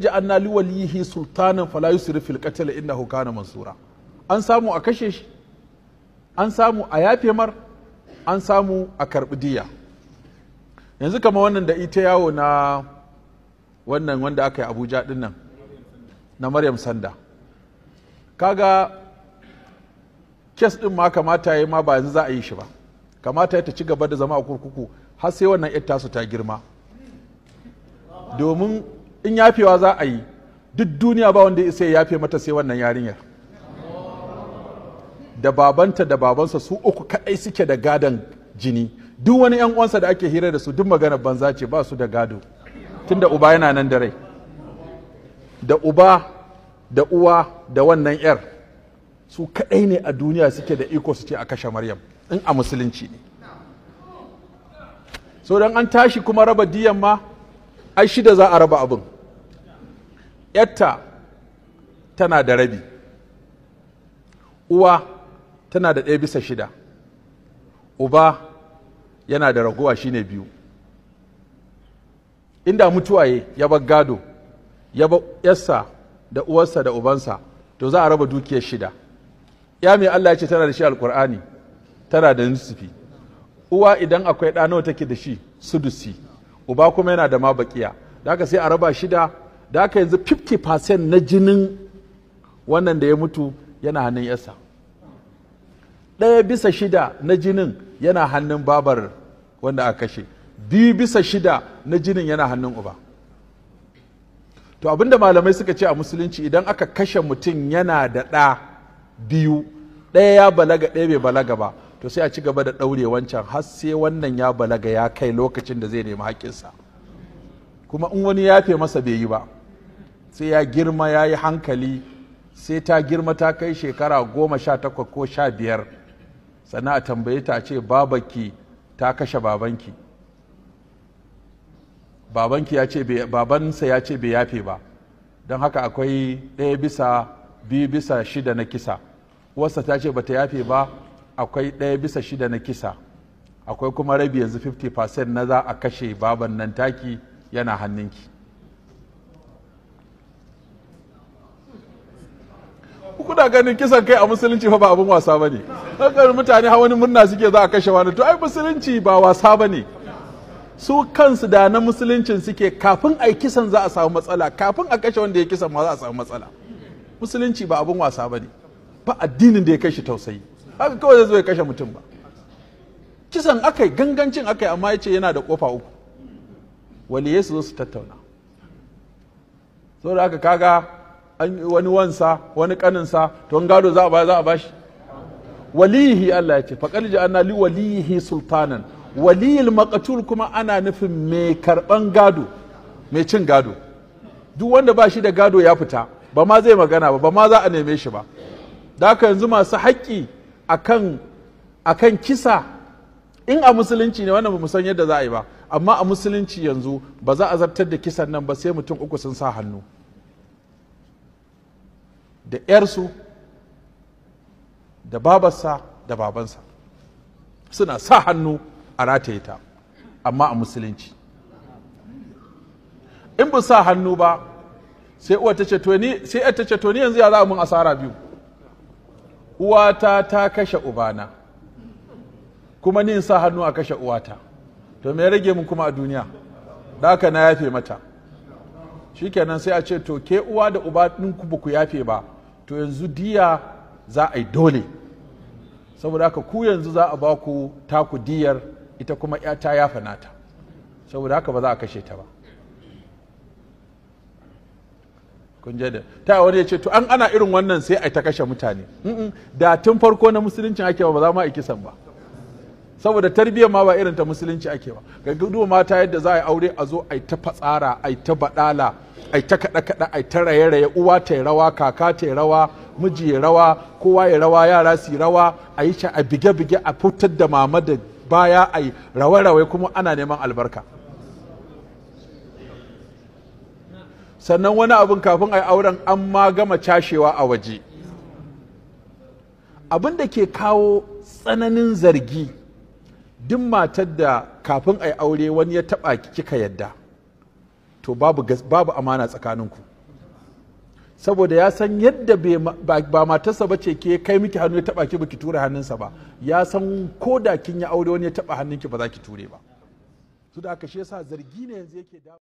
ja'anna li walihi sultanan fala yusrif fil qatl mansura an samu a kashe shi an samu a yafe mar an samu a karbi diya yanzu kama wannan da ita yawo na wannan wanda aka yi Abuja din nan na Maryam Sanda kaga kes din ma kamata yi ma ba yanzu za a yi shi ba kamata ya ta ci gaba da zama a kurkuku har sai wannan yar tasu ta girma domin in yafewa za a yi duk duniya ba wanda isa yafe mata sai wannan yarinyar da babanta da babansa su uku kaɗai suke da gadon jini duk wani yan uwansa da ake hira da su duk maganar banza ce ba su da gado tun da uba yana nan da rai da uba da uwa da wannan yar su kaɗai ne a duniya suke da iko suke a kashe maryam in a musulunci ne so don an tashi kuma raba diyan ma ai shida za a raba abin yatta tana da rabi uwa tana da ɗaya bisa shida uba yana da raguwa shine biyu inda mutuwaye ya bar gado ya bar da uwarsa da ubansa to za a raba dukiyar shida ya mai Allah ya ce tana da shi alkur'ani tana da nusufi uwa idan akwai ɗa nawa take da shi sudusi uba kuma yana da ma bakiya da haka sai a raba shida da aka yanzu 50% na jinin wannan da ya mutu yana hannun yasa ɗaya bisa shida na jinin yana hannun babar wanda aka kashe biyu bisa shida na jinin yana hannun uba to abinda malamai suka ce a musulunci idan aka kashe mutum yana da ɗa biyu ɗaya ya balaga ɗaya bai balaga ba to sai a ci gaba da ɗaure wancan har sai wannan ya balaga ya kai lokacin da zai nemi haƙƙinsa kuma in wani ya fe masa bai yi ba sai ya girma ya yi hankali sai ta girma ta kai shekara goma sha takwas ko sha biyar sannan a tambaye ta ce babanki ta kashe babanki babanki ya ce babansa ya ce bai yafe ba don haka akwai ɗaya bisa biyu bisa shida na kisa wasa ta ce bata yafe ba akwai ɗaya bisa shida na kisa akwai kuma rabi yanzu 50% na za a kashe baban nan taki yana hannunki kuna ganin kisan kai a musulunci fa ba abin wasa bane hakan mutane ha wani murna suke za a kashe wani to ai musulunci ba wasa bane su kansu da na musuluncin suke kafin a kisan za a samu matsala kafin a kashe wanda ya kisan ma za a samu matsala musulunci ba abin wasa bane ba addinin da ya kashe tausayi haka kawai zai zo ya kashe mutum ba kisan akai gangancin akai amma ya ce yana da kofa uku wani su zo su tattauna saboda haka kaga wani wansa wani kaninsa to an gado za a ba za a bashi walihi Allah ya ce faqad ja'alna li walihi sultanan waliyil maqtul kuma ana nufin mai karban gado mai cin gado duk wanda ba shi da gado ya fita ba ma zai magana ba ba ma za a neme shi ba da haka yanzu masu haƙƙi akan akan kisa in a musulunci ne wannan ba mu san yadda za a yi ba amma a musulunci yanzu ba za a zartar da kisan nan ba sai mutum uku sun sa hannu da 'yarsu da babarsa da babansa suna sa hannu a rataye ta amma a musulunci in ba sa hannu ba sai uwa ta ce to ni yanzu ya za mun asara biyu uwata ta kashe ubana kuma ni in sa hannu a kashe uwata to me rage mun kuma a duniya da haka na yafe mata shikenan sai a ce to ke uwa da uba ɗinku ba ku yafe ba to yanzu diya za a yi dole saboda haka ku yanzu za a ba ku taku diyar ita kuma ta yafa nata saboda haka ba za a kashe ta ba kun ta wani ya ce to an ana irin wannan sai a ta kashe mutane da tun farko na musuluncin ake ba za ma a kisan ba saboda tarbiyyar ma ba irin ta musulunci ake ba ga gudu mata yadda za a yi aure a zo a yi ta fatsara a yi ta badala a yi ta kaɗa kaɗa a yi ta raye raye uwa ta rawa kaka ta rawa miji ya rawa kowa ya rawa yara su rawa a yi a bige bige a fitar da mama da baya a yi rawa rawa kuma ana neman albarka sannan wani abin kafin a yi auren an ma gama cashewa a waje abin da ke kawo tsananin zargi duk matar da kafin a yi aure wani ya taɓa kika yadda to babu, babu amana tsakaninku saboda ya san yadda ba matarsa ba ce ke kai miki hannu ya taɓa ki baki tura hannunsa ba ya san ko da kin yi aure wani ya taɓa hannunki ba za ki ture ba su da zargi ne yanzu yake